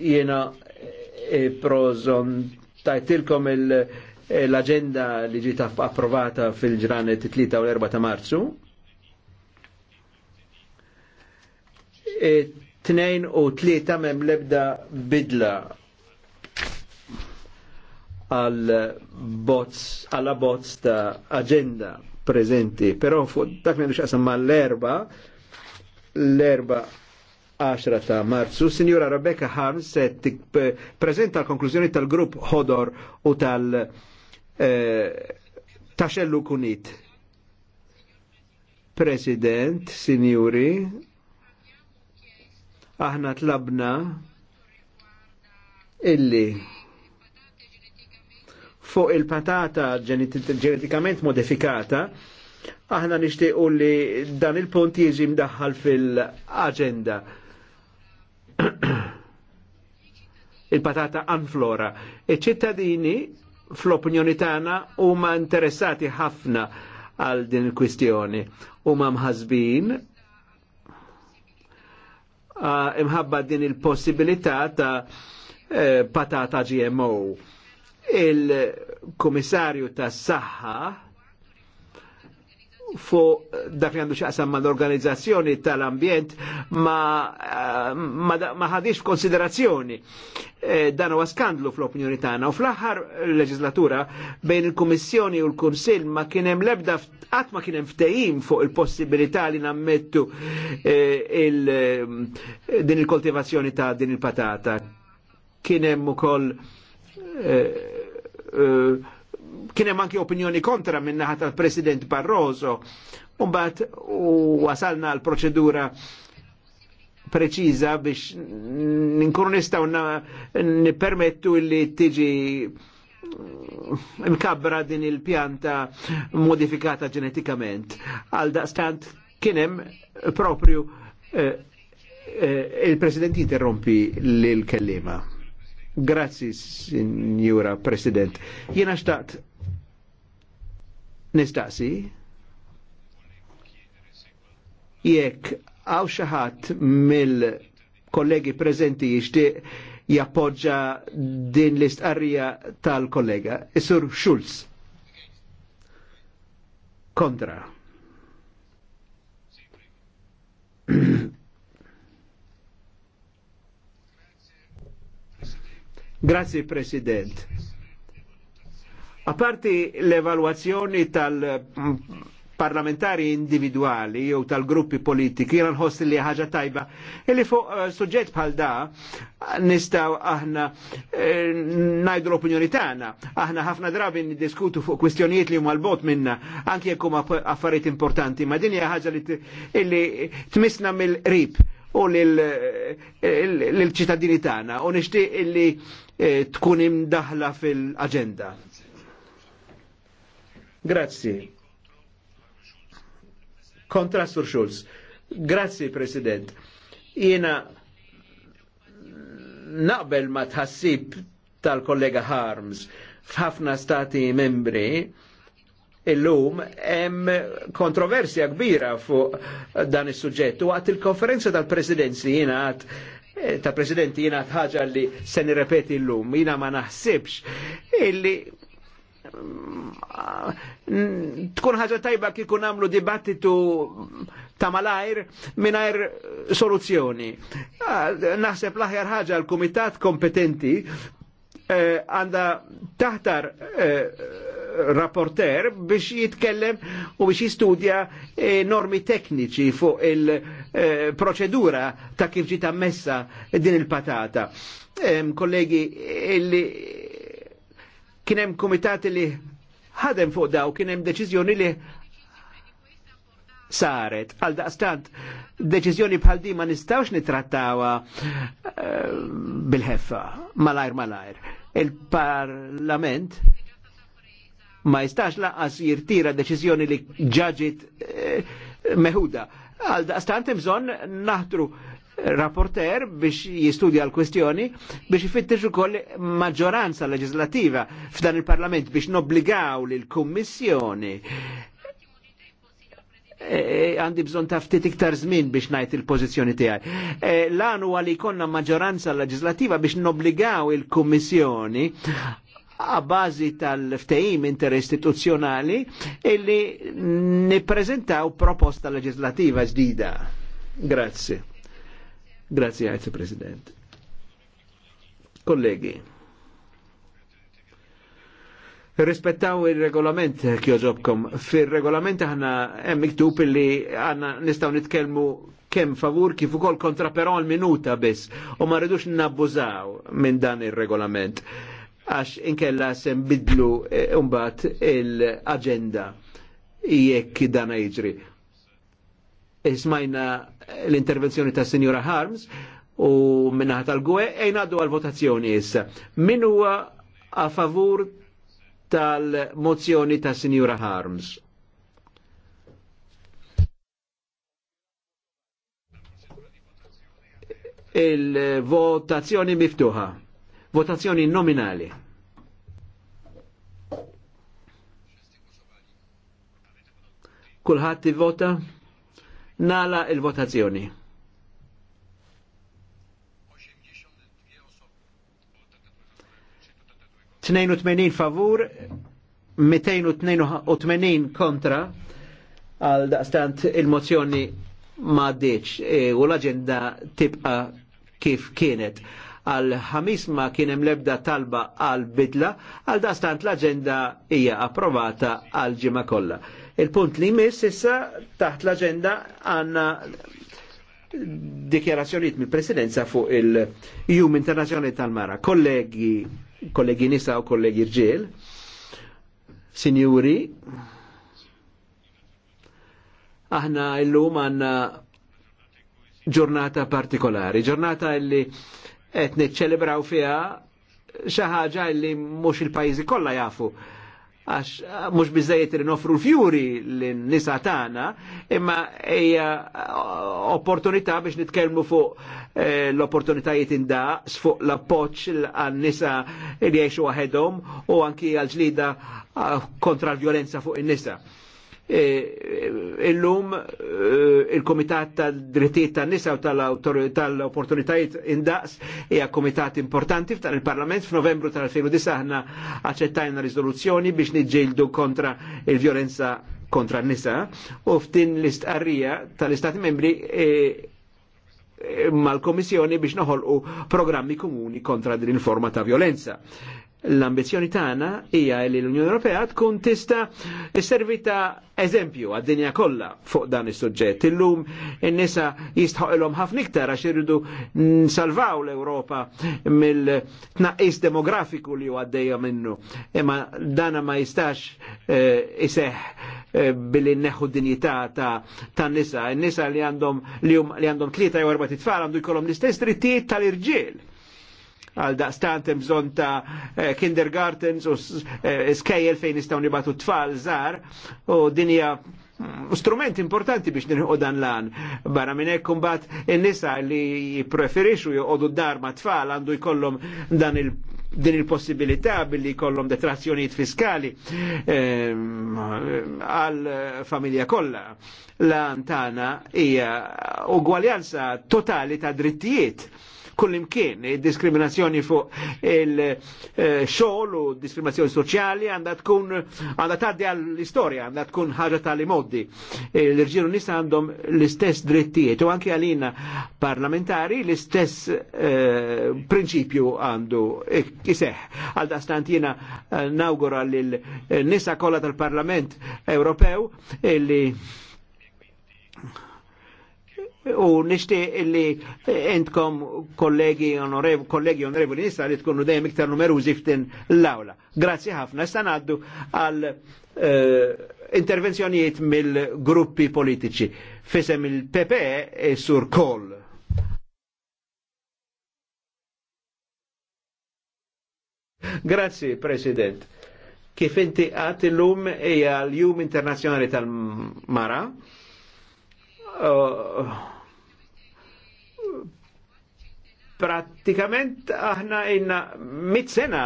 jena eh, prozon tajtilkom eh, l-agenda li ġita approvata fil-ġranet 3 u 4 ta' marzu. Tnejn u tlieta mem lebda bidla għal bots, għalla bots ta' agenda prezenti, però fuq dak li nixqasam ma' l-erba, l-erba 10 ta' marzu, Signora Rebecca Harms se prezenta l-konklużjoni tal-grupp Hodor u tal- eh, taxellu kunit. President, Signori, aħna tlabna illi fuq il-patata ġenetikament modifikata, aħna nishtiqu li dan il-punt jizim daħħal fil-agenda il-patata anflora. Iċ-ċittadini fl-opinjoni tagħna huma interessati ħafna għal din il-kwistjoni. Huma mħazbin ah, imħabba din il-possibilità ta' eh, patata GMO. Il-Kummissarju tas-Saħħa fuq dak li għandu xaqsam ma l-organizzazzjoni tal-ambjent ma, eh, ma, ma ħadix konsiderazzjoni. E, eh, dan huwa skandlu fl-opinjoni tagħna u fl-aħħar leġislatura bejn il-Kummissjoni u l-Kunsill ma kien hemm lebda qatt ma kien hemm ftehim fuq il-possibilità li nammettu e, il, din il-koltivazzjoni ta' din il-patata. Kien hemm ukoll e, kienem anki opinjoni kontra minn naħa tal-President Barroso. Mbagħad u wasalna għal proċedura preċiża biex ninkunu nistgħu nippermettu li tiġi mkabbra din il-pjanta modifikata ġenetikament. Għal daqstant kienem propju eh, eh, il-President jinterrompi l-kellima. Grazzi, Signora President. Jena xtaqt Nistaqsi, jekk għaw xaħat mill-kollegi prezenti jiexti jappoġġa din l-istqarrija tal-kollega, Isur Schulz. Kontra. Grazie President. A parti l-evaluazzjoni tal-parlamentari individuali jew tal-gruppi politiki, jena nħoss li ħaġa tajba, illi fuq eh, suġġett bħal da nistaw aħna eh, najdu l-opinjoni tagħna. Aħna ħafna drabi niddiskutu fuq kwistjonijiet li huma l-bot minna, anke jekk huma affarijiet importanti, ma din hija ħaġa li tmisna mill-qrib u eh, l-ċittadini tagħna u nixtieq illi tkun imdaħla fil-aġenda. Grazzi. Kontrastur Schulz. Grazzi, President. Jena naqbel ma tħassib tal-kollega Harms f'ħafna stati membri illum hemm kontroversja kbira fuq dan is-suġġett. Waqt il-konferenza tal-presidenzi jiena għad eh, ta' presidenti jiena ħaġa li se nirrepeti llum, jiena ma naħsibx illi tkun ħaġa tajba kieku namlu dibattitu ta' malajr minajr soluzzjoni. Ah, naħseb l-aħjar ħaġa l-komitat kompetenti eh, għanda taħtar eh, rapporter biex jitkellem u biex jistudja eh, normi tekniċi fuq il-proċedura ta' kif ġita messa din il-patata. Kollegi, Kien hemm li ħadem fuq daw, kien hemm deċiżjoni li saret. Għal daqstant, deċizjoni bħal di ma nistawx nitrattawa eh, bil-ħeffa, malajr malajr. Il-parlament ma jistax laqas jirtira deċizjoni li ġaġit eh, meħuda. Għal daqstant imżon naħtru rapporter biex jistudja l-kwestjoni biex jfittex ukoll maġġoranza leġislativa f'dan il-Parlament biex nobbligaw l kummissjoni e, e, għandi bżon ta' ftit iktar żmien biex najt il pozizjoni tiegħi. E, huwa li jkollna maġġoranza leġislativa biex nobbligaw il-Kummissjoni a bazi tal-ftehim interistituzzjonali illi nippreżentaw proposta leġislativa ġdida. Grazie. Grazie, għajt President. Kollegi, rispettaw il-regolament eh, kjoġobkom. Fil-regolament ħana hemm miktub li għanna nistaw nitkelmu kem favur kif ukoll kontra però minuta biss u ma rridux nabbużaw minn dan il-regolament għax inkella sem bidlu umbat eh, il-agenda jekk dana jiġri. Ismajna l-intervenzjoni ta' Signora Harms u minnaħat tal-gwe ejn għaddu għal-votazzjoni issa. Min huwa a favur tal-mozzjoni ta' Signora Harms? il-votazzjoni miftuħa, votazzjoni nominali. Kulħadd vota? Nala il-votazzjoni. Tnejn u tmenin favur, 282 kontra għal daqstant il-mozzjoni ma e, u l-agenda tibqa kif kienet. Għal ħamis ma kienem lebda talba għal bidla, għal daqstant l-agenda hija approvata għal ġimma kollha. Il-punt li jmiss issa taħt l-agenda għanna dikjarazzjoniet mill-presidenza fuq il-Jum Internazjonali tal-Mara. Kollegi, kollegi nisa u kollegi rġiel, sinjuri, aħna illum għanna ġurnata partikolari, ġurnata illi qed niċċelebraw fiha xi ħaġa illi mhux il-pajjiżi kollha jafu għax mux bizzajiet li nofru l-fjuri l-nisa tagħna, imma eja opportunità biex nitkellmu fuq eh, l-opportunitajiet indaqs, fuq l-appoċ għal-nisa li jgħixu għahedom u anki għal-ġlida eh, kontra l-violenza fuq in-nisa. E, illum e, il-Komitat tal-Drittijiet tan-Nisa u tal-Opportunitajiet indaqs hija komitat importanti f'dan il-Parlament f'Novembru tal-2009 aħna aċċettajna riżoluzzjoni biex niġġieldu kontra il-vjolenza kontra n-nisa u f'din l-istqarrija tal-Istati membri e, mal-Komissjoni biex noħolqu programmi komuni kontra din il-forma ta' violenza. L-ambizjoni tagħna hija li l-Unjoni Ewropea tkun tista' isservi ta' eżempju għad-dinja kollha fuq dan is-suġġett. Illum in-nisa ilhom ħafna iktar għax iridu nsalvaw l-Ewropa mill-tnaqqis demografiku li għaddejja minnu. Imma dana ma jistax eh, iseħħ eh, billi neħu dinjità ta' tan nisa. N-nisa li għandhom li għandhom tlieta jew erba' titfal għandu jkollhom l-istess drittijiet tal-irġiel għal daqstant bżon ta' eh, kindergartens u eh, skejjel fejn nistgħu nibatu tfal żar u dinja mm, strument importanti biex nirħu dan lan. Barra minn hekk kumbat in-nisa li jippreferixxu joqogħdu dar ma' tfal għandu jkollhom dan il din il-possibilità billi kollom detrazzjoniet fiskali ehm, għal familja kollha. l antana hija ugwaljanza totali ta' drittijiet kullimkien. Eh, diskriminazzjoni fuq il xol u diskriminazzjoni soċjali għandha tkun għandha tgħaddi għall-istorja, għandha tkun ħaġa tali moddi eh, L-irġiel u nisa għandhom l-istess drittijiet u anke għalina parlamentari l-istess eh, prinċipju għandu kiseħ. Għal dastant jiena nawgura l-nisa kollha tal-Parlament Ewropew illi u nishtiq li entkom kollegi onorev, kollegi onorevoli nista li tkunu dejjem iktar numerużi f'tin l-awla. Grazzi ħafna, sta naddu għal uh, intervenzjonijiet mill-gruppi politiċi. Fisem il-PP e sur kol. Grazzi, President. Kif inti għati l-lum e għal jum internazjonali tal-Mara, uh, Pratikament aħna inna mit sena